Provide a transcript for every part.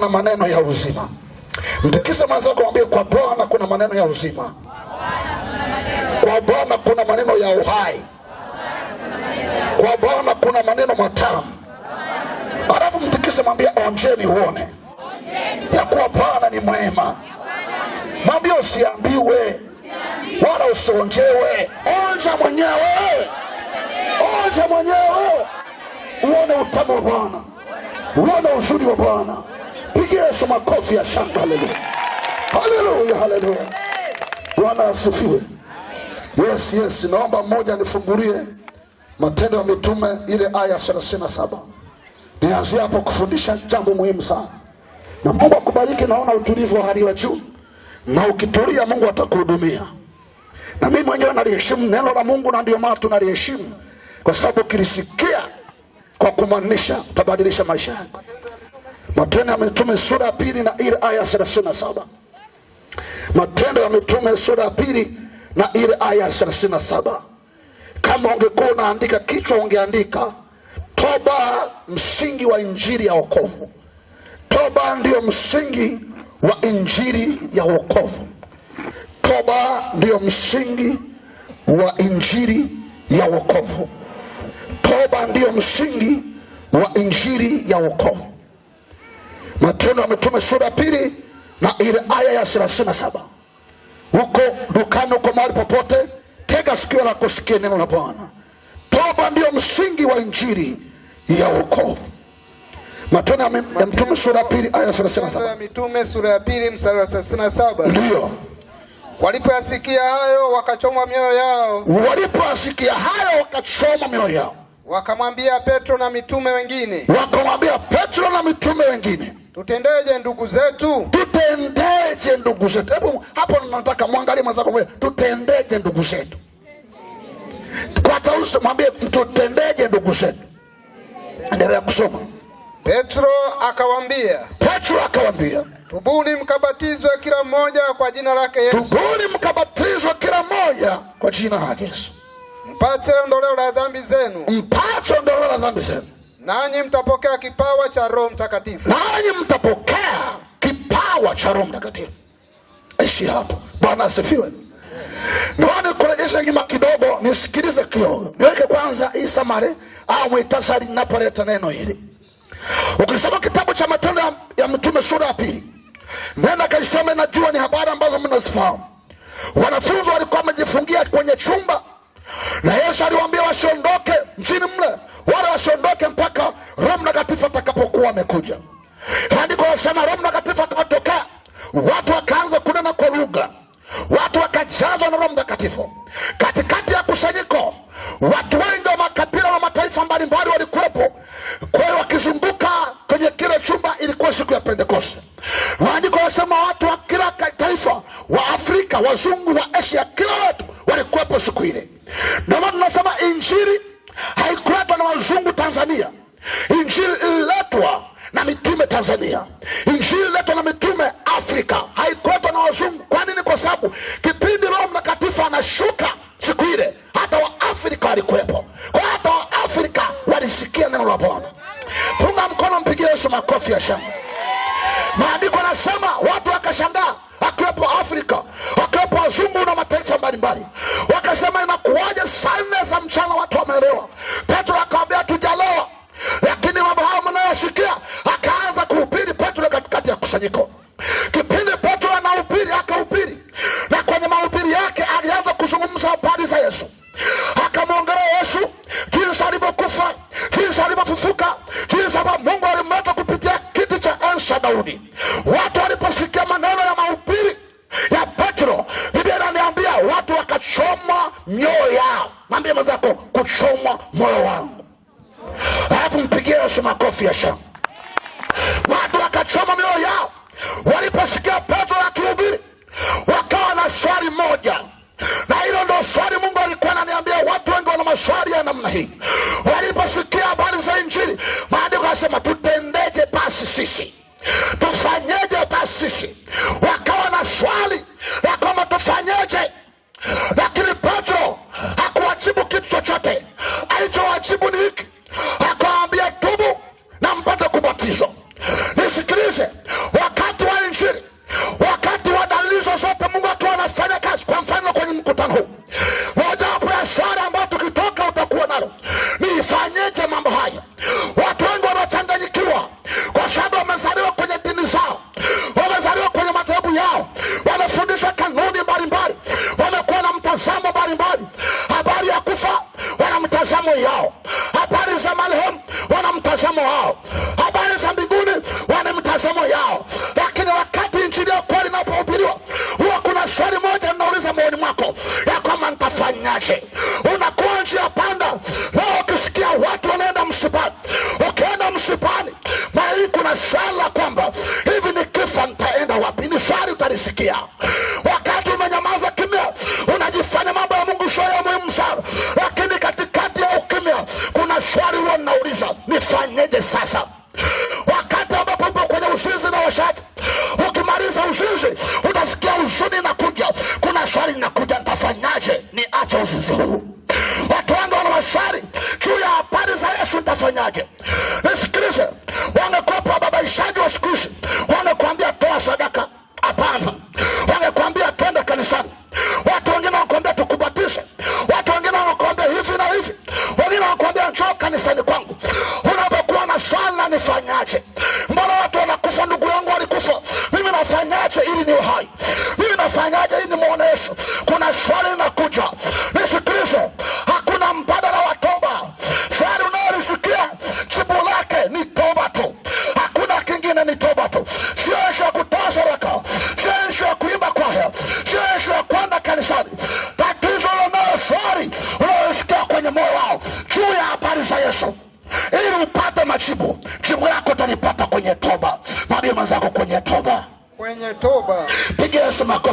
na maneno ya uzima. Mtikise mwenzako mwambie, kwa Bwana kuna maneno ya uzima, kwa Bwana kuna maneno ya uhai, kwa Bwana kuna maneno matamu. Alafu mtikise mwambie, onjeni uone ya kuwa Bwana ni mwema. Mwambie usiambiwe wala usionjewe, onja mwenyewe, onja mwenyewe uone utamu wa Bwana, uone uzuri wa Bwana. Pigia Yesu makofi ya shangwe. Haleluya, haleluya, haleluya. Bwana asifiwe. Yes, yes, naomba mmoja nifungulie Matendo ya Mitume ile aya 37. Nianzie hapo kufundisha jambo muhimu sana, na Mungu akubariki. Naona utulivu wa hali ya juu, na ukitulia Mungu atakuhudumia. Na mimi mwenyewe naliheshimu neno la Mungu, na ndio maana tunaliheshimu, kwa sababu ukilisikia kwa kumaanisha utabadilisha maisha yako. Matendo ya Mitume sura ya pili na ile aya 37. Matendo ya Mitume sura ya pili na ile aya 37. Kama ungekuwa unaandika kichwa ungeandika toba, msingi wa injili ya wokovu. Toba ndiyo msingi wa injili ya wokovu. Toba ndiyo msingi wa injili ya wokovu. Toba ndiyo msingi wa injili ya wokovu. Matendo ya Mitume sura ya pili na ile aya ya 37. Huko dukani, huko mahali popote, tega sikio la kusikia neno la Bwana. Toba ndiyo msingi wa injili ya wokovu. Matendo ya Mitume sura ya pili aya ya 37. Mitume sura ya pili mstari wa 37. Ndio. Walipoyasikia hayo wakachomwa mioyo yao. Walipoyasikia hayo wakachomwa mioyo yao. Wakamwambia Petro na mitume wengine. Wakamwambia Petro na mitume wengine Tutendeje ndugu zetu? Tutendeje ndugu zetu? Hebu hapo nataka mwangalie mwenzako tutendeje ndugu zetu? Kwa tausi mwambie tutendeje ndugu zetu. Endelea kusoma. Petro akawambia, Petro akawambia, tubuni mkabatizwe kila mmoja kwa jina lake Yesu, tubuni mkabatizwe kila mmoja kwa jina lake Yesu, mpate ondoleo la dhambi zenu, mpate ondoleo la dhambi zenu nanyi mtapokea kipawa cha Roho Mtakatifu, nanyi mtapokea kipawa cha Roho Mtakatifu. Ishi hapo. Bwana asifiwe. Naona kurejesha nyuma kidogo, nisikilize kiogo niweke kwanza hii samari au mwitasari ninapoleta neno hili. Ukisoma kitabu cha Matendo ya Mtume sura ya pili, nenda kaisome. Najua ni habari ambazo mnazifahamu. Wanafunzi walikuwa wamejifungia kwenye chumba, na Yesu aliwaambia wasiondoke nchini mle wala wasiondoke mpaka Roho Mtakatifu atakapokuwa amekuja. Andiko nasema Roho Mtakatifu akawatokea watu wakaanza kunena kwa lugha, watu wakajazwa na Roho Mtakatifu. Katikati ya kusanyiko, watu wengi wa makabila na mataifa mbalimbali walikuwepo, kwa hiyo wakizunguka kwenye kile chumba. Ilikuwa siku ya Pentekoste. Maandiko wasema watu wa kila taifa, wa Afrika, wazungu, wa Asia, kila watu walikuwepo siku ile. Ndio maana tunasema injili haikuletwa na wazungu Tanzania. Injili ililetwa na mitume Tanzania. Injili ililetwa na mitume Afrika, haikuletwa na wazungu. Kwa nini? Kwa sababu kipindi Roho Mtakatifu anashuka siku ile, hata Waafrika walikuwepo, kwa hata Waafrika walisikia neno la Bwana. Punga mkono, mpigie Yesu makofi ya shangwe.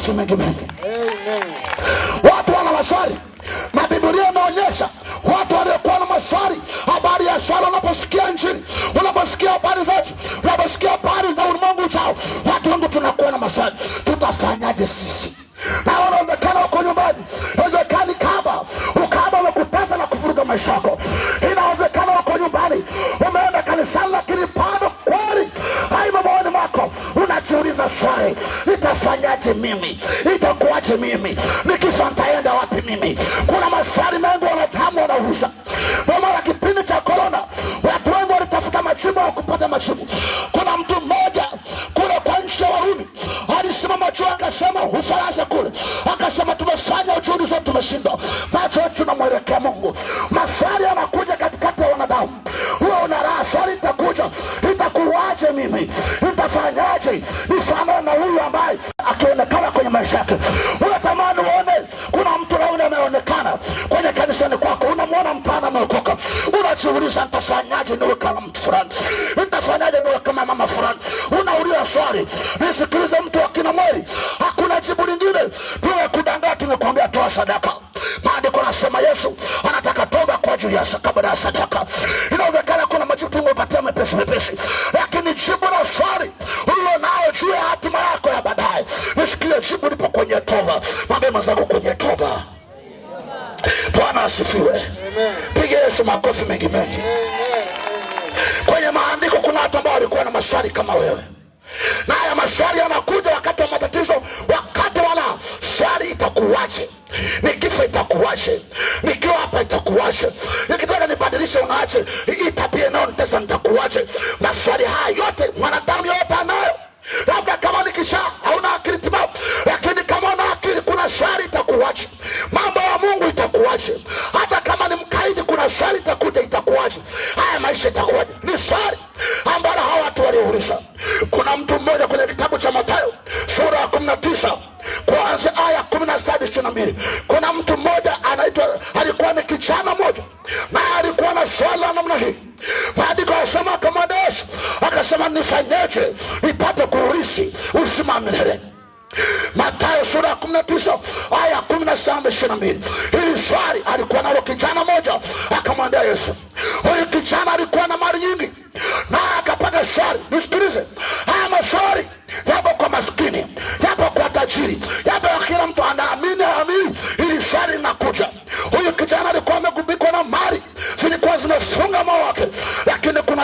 Yesu mengi mengi. Watu wana maswali na ameonyesha imeonyesha watu waliokuwa na maswali habari ya swala, wanaposikia nchini wanaposikia habari zetu, wanaposikia habari za ulimwengu chao watu wengi tunakuwa na maswali, tutafanyaje sisi? nitaishi mimi, itakuwaje mimi nikifa, ntaenda wapi mimi? Kuna maswali mengi wanadamu wanauza. Kwa kipindi cha korona, watu wengi walitafuta majibu, kupata majibu. Kuna mtu mmoja kule kwa nchi ya Warumi alisimama juu akasema, Ufaransa kule, akasema tumefanya juhudi zote, tumeshindwa, macho tunamwelekea Mungu. unajiuliza nitafanyaje niwe kama mtu fulani, nitafanyaje niwe kama mama fulani. Unauliza swali, nisikilize mtu wa kina hakuna jibu lingine bila kudanganya. Tumekuambia toa sadaka. Maandiko nasema Yesu anataka toba kwa ajili ya kabla ya sadaka. Inawezekana kuna majibu ungepatia mepesi mepesi, lakini jibu la swali ulilo nao juu ya hatima yako ya baadaye, nisikie jibu lipo kwenye toba. Mwambie mwenzako kwenye Bwana asifiwe, piga Yesu makofi mengi mengi. Kwenye maandiko kuna watu ambao walikuwa na maswali kama wewe, na haya maswali yanakuja wakati wa matatizo, wakati wana swali, itakuwaje? Nikifa itakuwache Nikiwa hapa itakuwaje? Nikitaka nibadilishe, unaache hii tabia inayonitesa, nitakuwaje? Maswali haya yote mwanadamu yote anayo, labda kama nikisha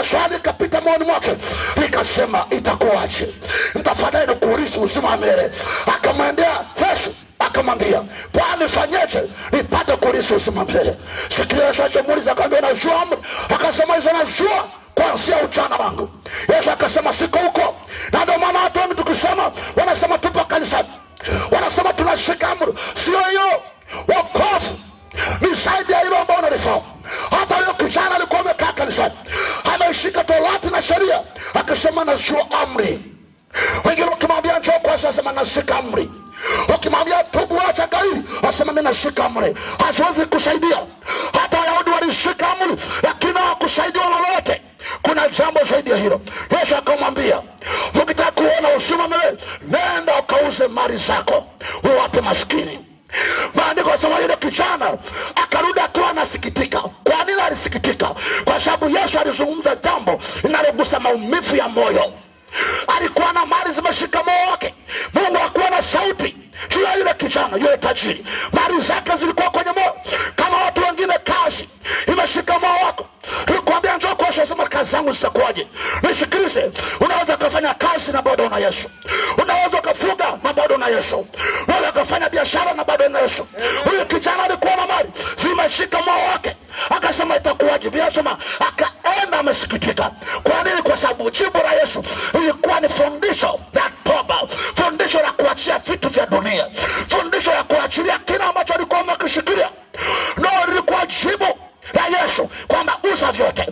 swali ikapita moyoni mwake, likasema itakuwaje, mtafadhali nikuurithi uzima wa milele. Akamwendea Yesu akamwambia Bwana, nifanyeje nipate kurithi uzima milele? Siku hiyo Yesu alichomuuliza akamwambia, unajua amri? Akasema, hizo nazijua kuanzia uchana wangu. Yesu akasema, siko huko, na ndio maana watu wengi tukisema, wanasema tupo kanisani, wanasema tunashika amri. Sio hiyo, wakofu ni zaidi ya hilo ambao unalifahamu. Hata huyo kichana alikuwa amekaa kanisani, anaishika torati na sheria, akisema nazijua amri. Wengine wakimwambia njoo kwanza, asema nashika amri. Ukimwambia tubu, wacha gairi asema mi nashika amri. Haziwezi kusaidia. Hata Wayahudi walishika amri, lakini hawakusaidia lolote. Kuna jambo zaidi ya hilo. Yesu akamwambia, ukitaka kuona usima milele, nenda ukauze mali zako uwape maskini. Maandiko asema yule kijana akarudi akiwa anasikitika sababu Yesu alizungumza jambo linalogusa maumivu ya moyo. Alikuwa na mali zimeshika moyo wake. Mungu akuwa na sauti juu ya yule kijana, yule tajiri. Mali zake zilikuwa kwenye moyo, kama watu wengine. Kazi imeshika moyo wako, ikuambia njo kwasho, sema kazi zangu zitakuwaje? Nisikilize, unaweza ukafanya kazi na bado na Yesu, unaweza na Yesu, wale akafanya biashara na baba na Yesu. Huyu kijana alikuwa na mali zimeshika moyo wake, akasema itakuwaji Biasema akaenda amesikitika. Kwa nini? Kwa sababu jibu la Yesu ilikuwa ni fundisho la toba, fundisho la kuachia vitu vya dunia, fundisho la kuachilia kile ambacho alikuwa amekishikilia. No, lilikuwa jibu la Yesu kwamba usa vyote,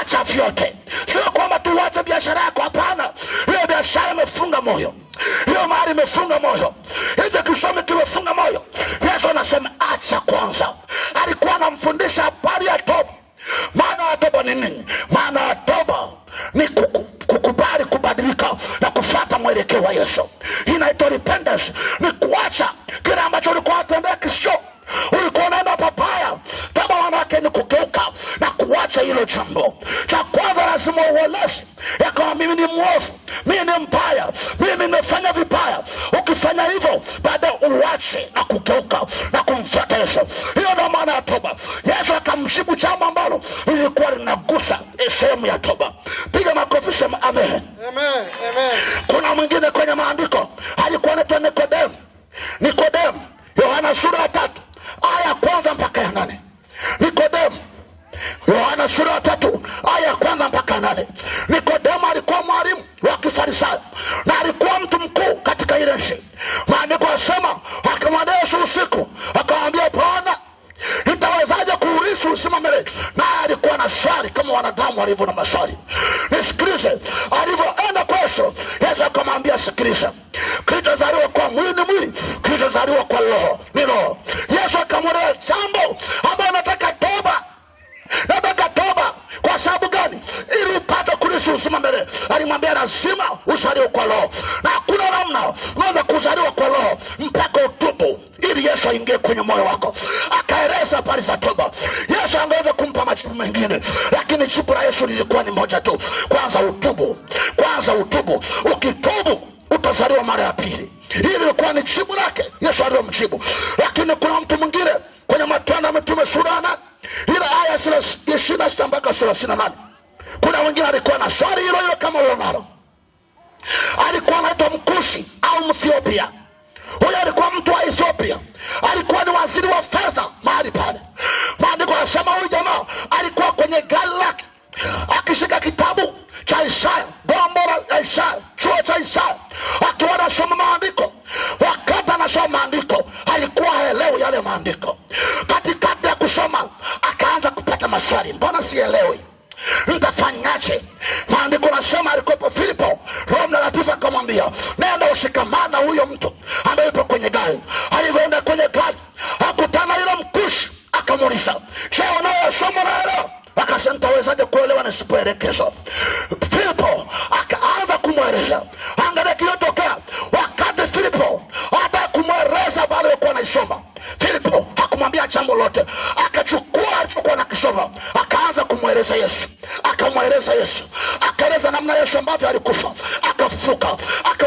acha vyote, sio kwamba tuwache biashara yako. Hapana, hiyo biashara imefunga moyo tayari imefunga moyo. Hivyo kisome Yohana sura ya tatu aya ya kwanza mpaka nane. Nikodemo alikuwa mwalimu wa Kifarisayo na alikuwa mtu mkuu katika ile nchi. Maandiko yasema akamwendea Yesu usiku, akamwambia Bwana, nitawezaje kuurisi usima mele Naye alikuwa na swali kama wanadamu walivyo na maswali. Nisikilize, alivyoenda kwa Yesu, Yesu akamwambia sikiliza, kilichozaliwa kwa mwili ni mwili, kilichozaliwa kwa roho suluhisho lilikuwa ni moja tu, kwanza utubu, kwanza utubu. Ukitubu utazaliwa mara ya pili. hii lilikuwa ni jibu lake, Yesu mjibu Lakini kuna mtu mwingine kwenye Matendo ametume surana ila aya ishirini na sita mpaka thelathini na nane kuna wengine alikuwa na swali hilo hilo kama ulionalo. Alikuwa anaitwa Mkushi au Mthiopia. Huyo alikuwa mtu wa Ethiopia, alikuwa ni waziri wa fedha mahali pale. Maandiko anasema huyu jamaa alikuwa kwenye gari lake akishika kitabu cha Isaya, bombo la Isaya, chuo cha Isaya, akiwa anasoma maandiko. Wakati anasoma maandiko alikuwa haelewi yale maandiko. Katikati ya kusoma akaanza kupata maswali, mbona sielewi? Ntafanyaje? Maandiko nasema alikuwepo Filipo, Roho Mtakatifu akamwambia nenda ushikamana huyo mtu ambaye yupo kwenye gari. Alivyoenda kwenye gari akutana yule mkushi, akamuuliza, je, unayoyasoma unaelewa? akasema nitawezaje kuelewa nisipoelekezwa? Filipo akaanza kumweleza. Angalia kiliyotokea wakati Filipo hata kumweleza habari alikuwa anaisoma, Filipo hakumwambia jambo lote, akachukua alichokuwa nakisoma akaanza kumweleza Yesu, akamweleza Yesu, akaeleza namna Yesu ambavyo alikufa akafufuka aka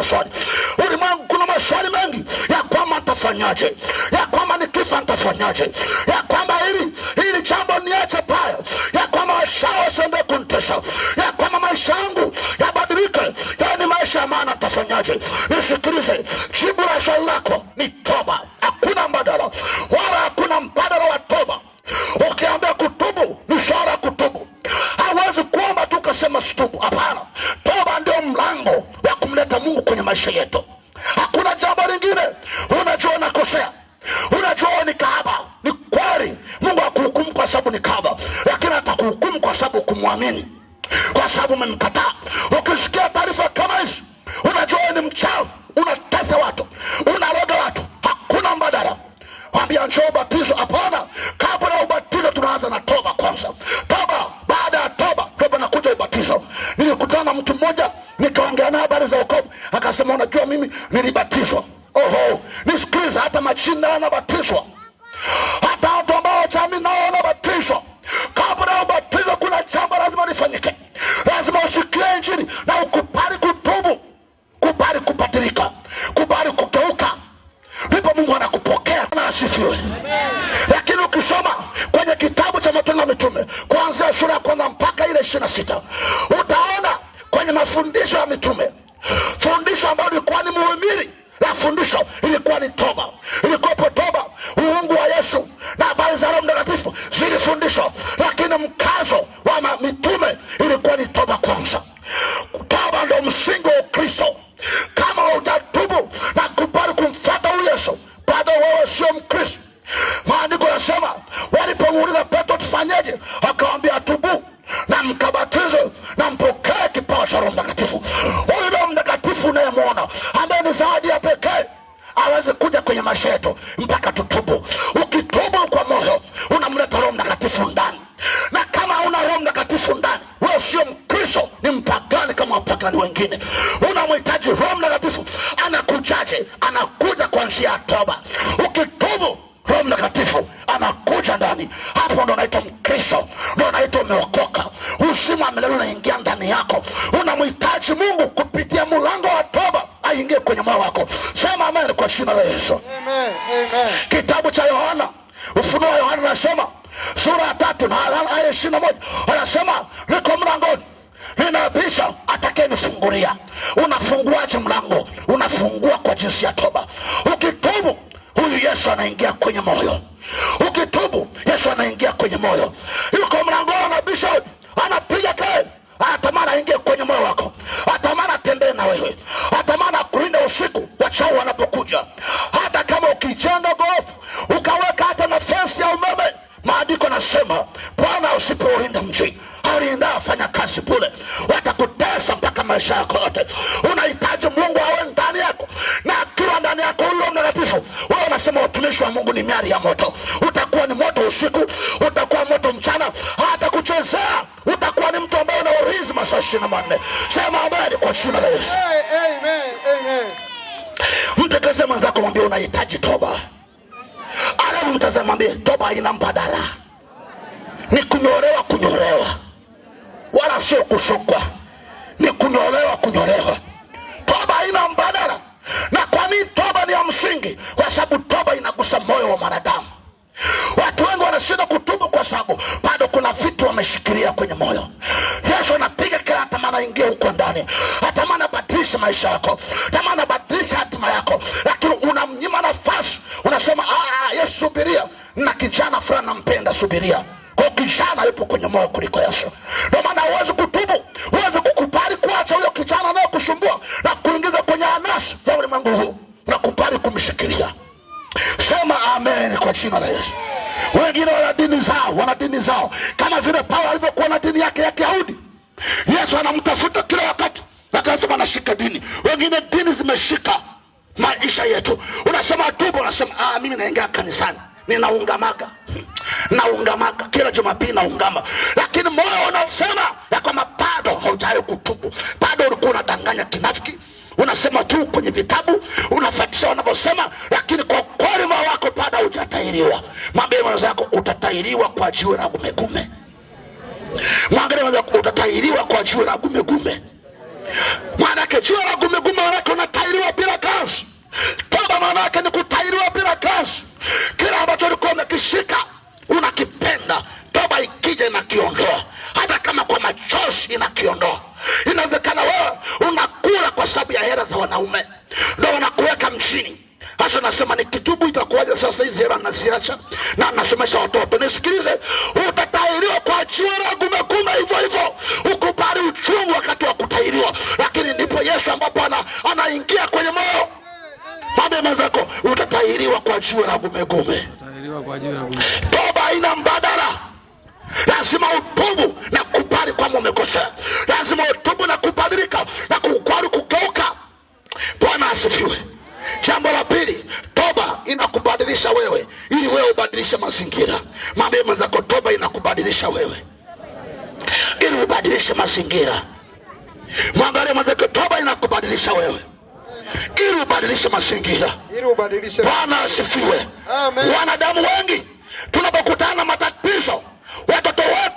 maswali. Ulimwengu kuna maswali mengi ya kwamba ntafanyaje, ya kwamba nikifa ntafanyaje, ya kwamba hili hili jambo niache paya, ya kwamba washao wasiende kunitesa, ya kwamba maisha yangu yabadilike, yaani maisha ya maana ntafanyaje? Nisikilize, jibu la swali lako ni toba. Hakuna mbadala wala hakuna mbadala wa toba. Ukiambia kutubu ni swala ya kutubu, hawezi kuomba tu ukasema situbu. Hapana, toba ndio mlango maisha yetu. Hakuna jambo lingine. Unajua nakosea unajua ni kahaba. Ni kweli, Mungu akuhukumu kwa sababu ni kaba lakini atakuhukumu kwa sababu kumwamini, kwa sababu umemkataa. Ukisikia Lakini ukisoma kwenye kitabu cha Matendo ya Mitume kuanzia sura ya kwanza mpaka ile ishirini na sita utaona kwenye mafundisho ya mitume, fundisho ambayo ilikuwa ni muhimili la fundisho ilikuwa ni toba, ilikuwepo toba unapomhitaji Roho Mtakatifu anakujaje? Anakuja kwa njia ya toba. Ukitubu Roho Mtakatifu anakuja ndani, hapo ndo naitwa Mkristo, ndo naitwa umeokoka. Uzima wa milele unaingia ndani yako. Unamhitaji Mungu kupitia mlango wa toba aingie kwenye moyo wako. Sema amen kwa jina la Yesu. Amen, Kitabu cha Yohana, Ufunuo wa Yohana nasema sura ya tatu na aya ishirini na moja anasema usipoulinda mji alienda afanya kazi bule, watakutesa mpaka maisha yako yote. Unahitaji Mungu awe ndani yako, na akiwa ndani yako huyo Mtakatifu, wewe unasema utumishi wa Mungu ni miari ya moto. Utakuwa ni moto usiku, utakuwa moto mchana, hata kuchezea utakuwa ni mtu ambaye una ulinzi masaa ishirini na manne. Sema amani kwa jina la Yesu. Amen, amen. Mtekeze mwenzako, mwambie unahitaji toba, alafu mtazamwambie toba haina mbadala ni kunyolewa kunyolewa, wala sio kusukwa, ni kunyolewa kunyolewa. Toba haina mbadala. Na kwa nini toba ni ya msingi? Kwa sababu toba inagusa moyo wa mwanadamu. Watu wengi wanashinda kutubu kwa sababu bado kuna vitu wameshikilia kwenye moyo. Yesu anapiga kila tamaa, ingia huko ndani, atamani abadilishe maisha yako, tamani abadilishe hatima yako, lakini unamnyima nafasi, unasema ah, ah, Yesu, subiria na kijana fulani nampenda, subiria. Kwa kijana yupo kwenye moyo kuliko Yesu. Ndio maana huwezi kutubu, huwezi kukubali kuacha huyo kijana anayekusumbua na kuingiza kwenye anasi ya ulimwengu huu, nakubali kumshikilia. Sema amen kwa jina la Yesu. Wengine wana dini zao, wana dini zao, kama vile Paulo alivyokuwa na dini yake ya Kiyahudi. Yesu anamtafuta kila wakati, lakini anasema anashika dini. Wengine dini zimeshika maisha yetu. Unasema tubu, unasema ah, mimi naingia kanisani, ninaungamaga naungamaka kila Jumapili naungama, lakini moyo unaosema ya kwamba bado haujawai kutubu, bado ulikuwa unadanganya kinafiki, unasema tu kwenye vitabu, unafatisha wanavyosema, lakini kwa kweli moyo wako bado haujatahiriwa. Mwambie mwenzako utatairiwa kwa jiwe la gumegume. Mwambie mwenzako utatahiriwa kwa jiwe la gumegume, maanake jiwe la gumegume kuacha na nasomesha watoto. Nisikilize, utatairiwa kwa jua gumegume, hivyo hivyo ukubali uchungu wakati wa kutairiwa lakini ndipo Yesu ambapo anaingia ana kwenye moyo. mambe mwenzako utatairiwa kwa jua gumegume. mazingira. Mwambie mwenzako, toba inakubadilisha wewe, ili ubadilishe mazingira. Mwangalie mwenzako, toba inakubadilisha wewe ili ubadilishe mazingira. Bwana asifiwe. Wanadamu wengi tunapokutana matatizo, watoto wetu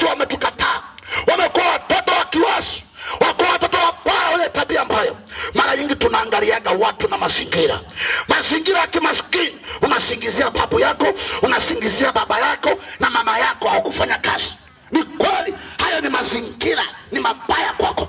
nyingi tunaangaliaga watu na mazingira. Mazingira ya kimaskini, unasingizia babu yako, unasingizia baba yako na mama yako hawakufanya kazi. Ni kweli, hayo ni mazingira, ni mabaya kwako.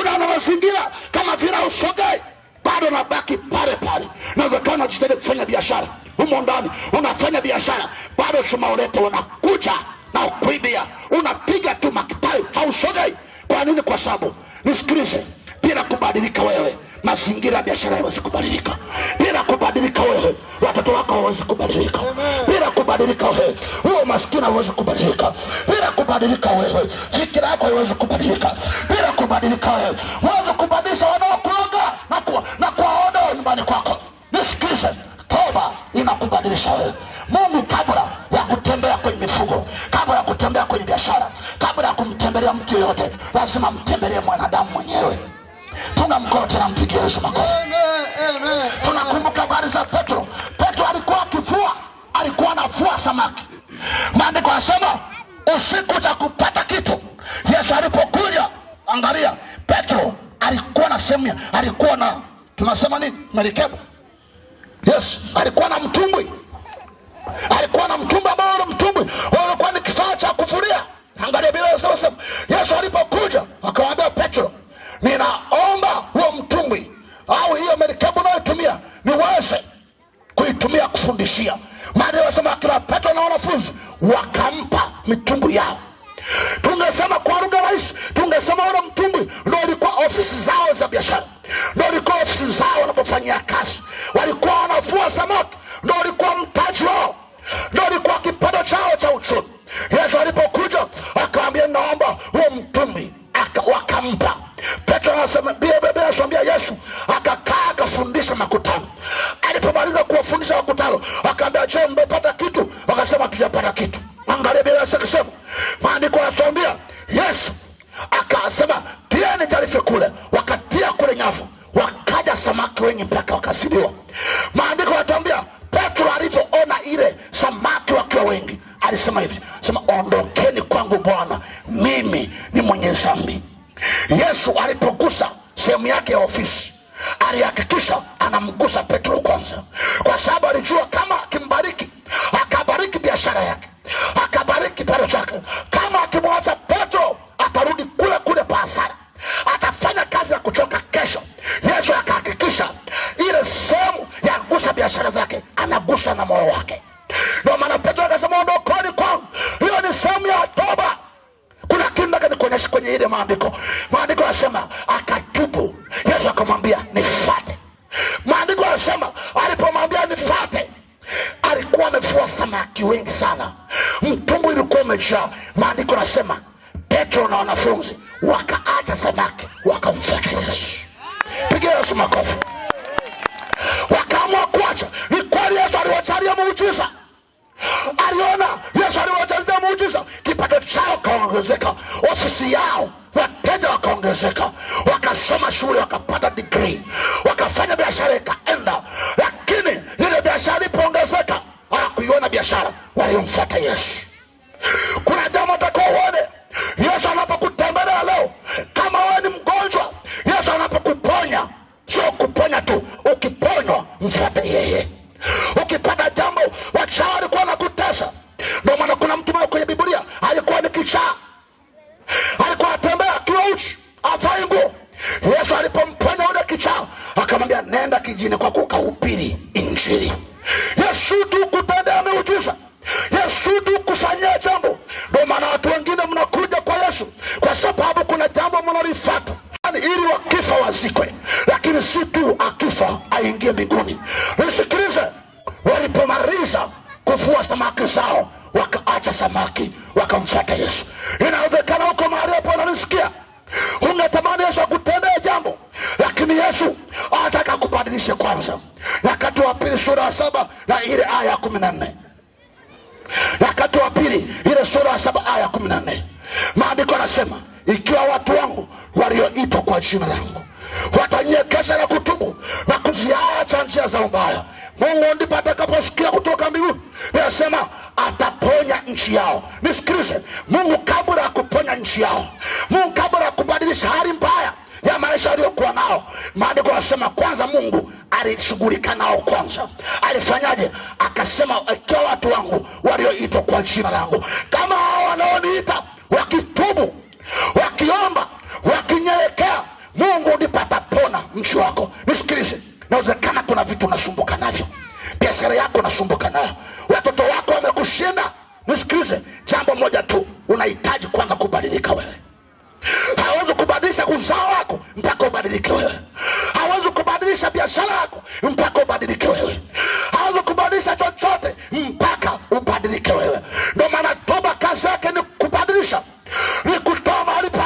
Unaona mazingira kama vile usogei bado nabaki pale pale. Nawezekana unajitahidi kufanya biashara humo ndani, unafanya biashara bado, chuma unakuja na kuibia, unapiga tu makipai, hausogei. Kwa nini? Kwa sababu nisikilize, bila kubadilika wewe mazingira ya biashara hawezi kubadilika. Bila kubadilika wewe, watoto wako hawezi kubadilika. Bila kubadilika wewe, huo maskini hawezi kubadilika. Bila kubadilika wewe, fikira yako haiwezi kubadilika. Bila kubadilika wewe, huwezi kubadilisha wanaokuoga na kuwa na nyumbani kwako. Nisikilize, toba inakubadilisha wewe. Mungu kabla ya kutembea kwenye mifugo, kabla ya kutembea kwenye biashara, kabla ya kumtembelea mtu yoyote, lazima mtembelee mwanadamu mwenyewe mkono tena, tunampigia Yesu makofi. Tunakumbuka habari za Petro. Petro alikuwa akivua, alikuwa anavua samaki. Maandiko yanasema usiku cha kupata kitu. Yesu alipokuja, angalia, Petro alikuwa na sehemu, alikuwa na tunasema nini, merikebu. Yes, alikuwa na mtumbwi, alikuwa na mtumbwi ambao ule mtumbwi ulikuwa ni kifaa cha kuvulia. Angalia Biblia inasema Yesu alipokuja akawaambia Petro, nina akaishia. Maana wasema akina Petro na wanafunzi wakampa mitumbu yao ile samaki wakiwa wengi, alisema hivi, sema ondokeni kwangu Bwana, mimi ni mwenye zambi Yesu alipogusa sehemu yake ya ofisi alihakikisha Yesu. Pigia Yesu makofu Wakaamua kuacha. Ni kweli Yesu aliwacharia muujiza, aliona Yesu aliwachalia muujiza, kipato chao kaongezeka, ofisi yao wateja wakaongezeka, wakasoma shule, wakapata digrii, wakafanya biashara ikaenda, lakini ile biashara ilipoongezeka hawakuiona biashara, waliomfuata Yesu. Kuna jambo mfuate yeye. Ukipata jambo wachaa walikuwa na kutesa. Ndio maana kuna mtu mmoja kwenye Biblia alikuwa ni kichaa, alikuwa atembea akiwa uchi, nguo. Yesu alipomponya yule kichaa, akamwambia nenda kijini kwa kukahubiri Injili. Yesu tu kutendea miujiza, Yesu tu kusanyia nao kwanza. Alifanyaje? Akasema, ikiwa watu wangu walioitwa kwa jina langu, kama hao wanaoniita wakitubu, wakiomba, wakinyerekea, Mungu nipata pona mchi wako. Nisikilize, nawezekana kuna vitu unasumbuka navyo, biashara yako unasumbuka nayo, watoto wako wamekushinda. Nisikilize, jambo moja tu unahitaji kwanza kubadilika wewe. Hawezi kubadilisha uzao wako mpaka ubadilike wewe. Hawezi kubadilisha biashara yako mpaka ubadilike wewe. Hawezi kubadilisha chochote mpaka ubadilike wewe. Ndio maana toba kazi yake ni kubadilisha, ni kutoa mahali pa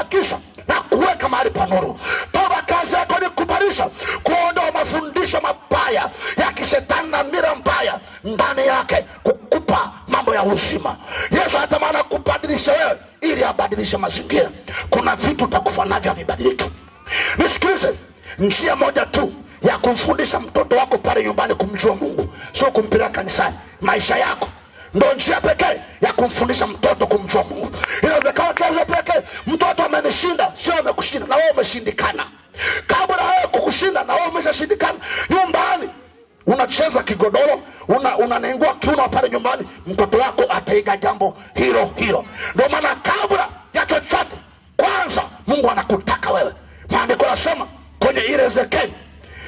na kuweka mahali pa nuru. Toba kazi yako ni kubadilisha, kuondoa mafundisho mabaya ya kishetani na mira mbaya ndani yake, mambo ya uzima. Yesu anatamani kubadilisha wewe ili abadilishe mazingira. Kuna vitu utakufa navyo havibadiliki. Nisikilize, njia moja tu ya kumfundisha mtoto wako pale nyumbani kumjua Mungu sio kumpeleka kanisani. Maisha yako ndo njia pekee ya kumfundisha mtoto kumjua Mungu. Inawezekana chanzo pekee, mtoto amenishinda, sio amekushinda, na wewe umeshindikana. Kabla wewe kukushinda, na wewe umeshashindikana nyumbani unacheza kigodoro, unanengua una kiuno pale nyumbani, mtoto wako ataiga jambo hilo hilo. Ndio maana kabla ya chochote, kwanza Mungu anakutaka wewe. Maandiko yanasema kwenye ile Ezekieli,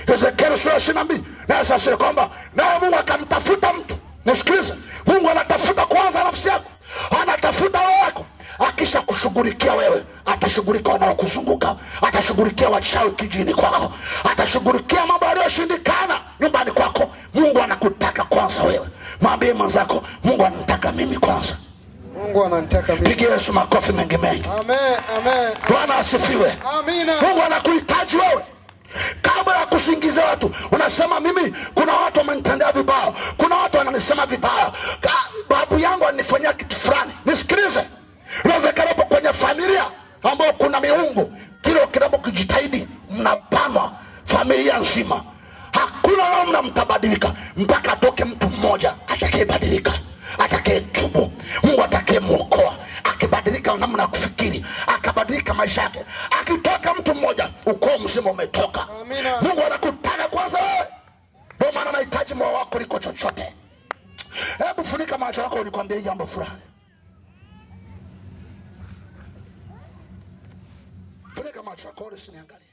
Ezekieli sura ishirini na mbili nasasiri kwamba naye Mungu akamtafuta mtu. Nisikilize, Mungu anatafuta kwanza nafsi yako, anatafuta roho yako akisha kushughulikia wewe, atashughulikia wanaokuzunguka, atashughulikia wachawi kijini kwako, atashughulikia mambo yaliyoshindikana nyumbani kwako, Mungu anakutaka kwanza wewe. Mwambie mwenzako, Mungu anataka mimi kwanza. Mungu ananitaka mimi. Pigie Yesu makofi mengi mengi. Amen, amen. Bwana asifiwe. Amina. Mungu anakuhitaji wewe. Kabla ya kusingiza watu unasema, mimi kuna watu wamenitendea vibaya, kuna watu wananisema vibaya, babu yangu anifanyia kitu fulani. Nisikilize, inawezekanapo kwenye familia ambayo kuna miungu, kilo kinapokijitahidi mnabanwa familia nzima hakuna namna mtabadilika mpaka atoke mtu mmoja atakayebadilika, atakayetubu, Mungu atakayemwokoa, akibadilika namna ya kufikiri, akabadilika maisha yake. Akitoka mtu mmoja, ukoo mzima umetoka. Amina. Mungu anakutaka kwanza ndo maana nahitaji moyo wako liko chochote. Hebu funika macho yako, hii jambo fulani. Funika macho yako, usiniangalie.